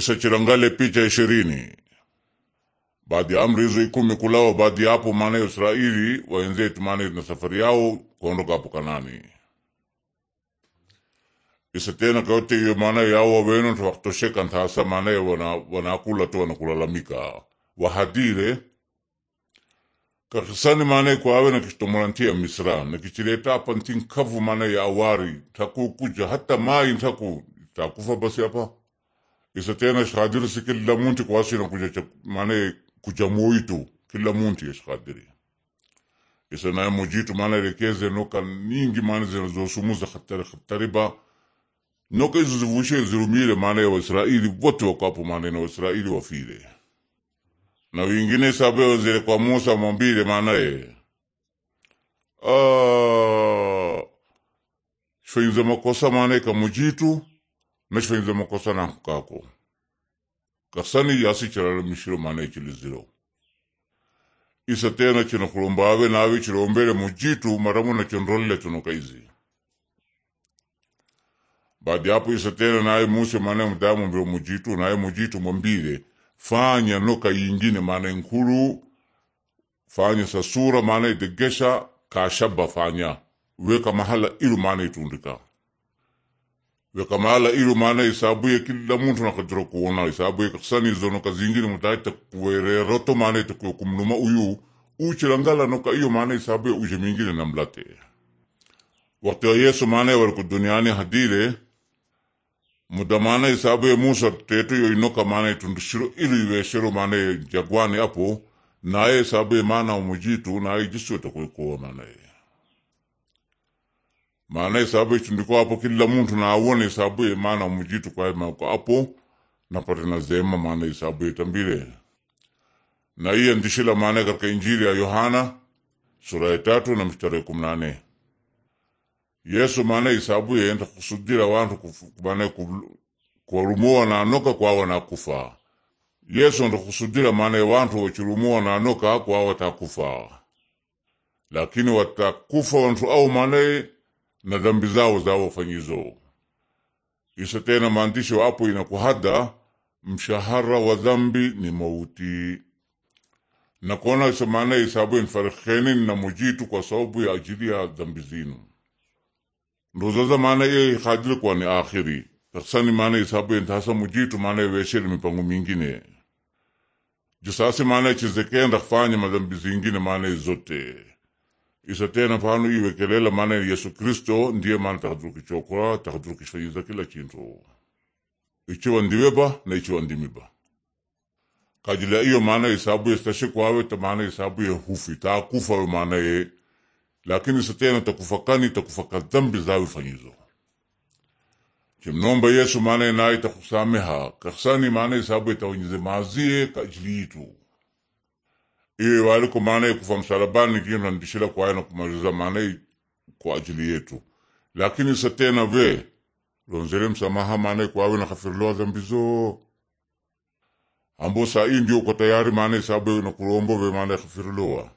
chirangale picha ishirini baadhi ya amri hizo ikumi kulao baadhi hapo maana ya Israeli waenzie timani na safari yao kuondoka hapo Kanani isa tena kayote iyo maana yao wawenu twakutosheka ntasa maana ya wanakula tu wanakulalamika wahadire kakisani maana kwawe nakishitomolantia Misra kichileta hapa ntinkavu maana ya awari takukuja hata mai ntaku takufa basi hapa Isa tena Iskadiri si kila munti kwa na kuja mane kujamoitu kila munti Iskadiri. Isa na mujitu mane elekeze noka ningi mane zinazosumuza hatari hatari ba noka hizo zivushe zirumire maana ya Waisraeli wote wakapo mane na Waisraeli wafile. Na wengine sabeo zile kwa Musa mwambile maana ye. Ah, shwenze makosa maana kamujitu nashwenyize makosa nako kasani yasi chirala mishiro mana ichiliziro isa tena chino kulombawe nawe chilombele mujitu maramu na chonrolle kaizi baadi yapo isa tena naye muse mana mdamu mujitu naye mujitu mwambile fanya noka yingine mana nkulu fanya sasura mana idegesha kashaba fanya weka mahala ilu mana itundika wekamala ilo maana isabuye kila muntu nakadira kuona isabu kakisani zono noka zingine mutai takuwereroto maana itakuwe kumnuma uyu uchilangala noka iyo maana isabuye uje mingine namlate wakati wa yesu maana waliku duniani hadire muda maana isabuye musa tetu yo inoka maana itundishiro ilo iweshero maana jagwani apo naye isabuye maana umujitu naye jisio takuwe kuwa maana ye maana isabu itundiko hapo kila muntu nawone sababu ya maana mujitu na apo napate nazema maana ya itambile na ndishi la maana katika Injili ya Yohana sura ya tatu na mstari kumi na nane Yesu maana ya enda kusudira na anoka kwa nanoka na kufa Yesu ndo kusudira maana na anoka nanoka kwawa takufa lakini watakufa watu au maana na dhambi zao wafanyizo. Isa tena maandisho hapo inakuhada mshahara wa dhambi ni mauti nakona isa maana isabu infarikhenin na mujitu kwa sababu ya ajili ya dhambi zinu ndozaza maana ye ikadili kwa ni akhiri taksani maana isabu intasa mujitu maana iwesheli mipango mingine jusasi maana ichizekenda kufanya madhambi zingine maana izote isa isatena pano iwekelela mana Yesu Kristo ndiye mana maana takadurukicokora takadurukisaiza kila chintu ichiwa ndiweba na ichiwa ndimiba kajila iyo mana isabu yestashikwawe ta mana isabu ye hufi we mana ye lakini isa isatena takufakani takufaka dhambi zawe fanyizo chimnomba Yesu mana ye naye takusameha kaksani mana isabu yetawenyize mazie kajili yitu iyo waliko maana kufa msalabani kina ndishila kwaya na kumaliza maana kwa ajili yetu lakini satena ve lonzele msamaha maana kwawe na khafiriliwa dhambi zo ambo saa hii ndio uko tayari maana isabu na kulombo ve maana khafiriliwa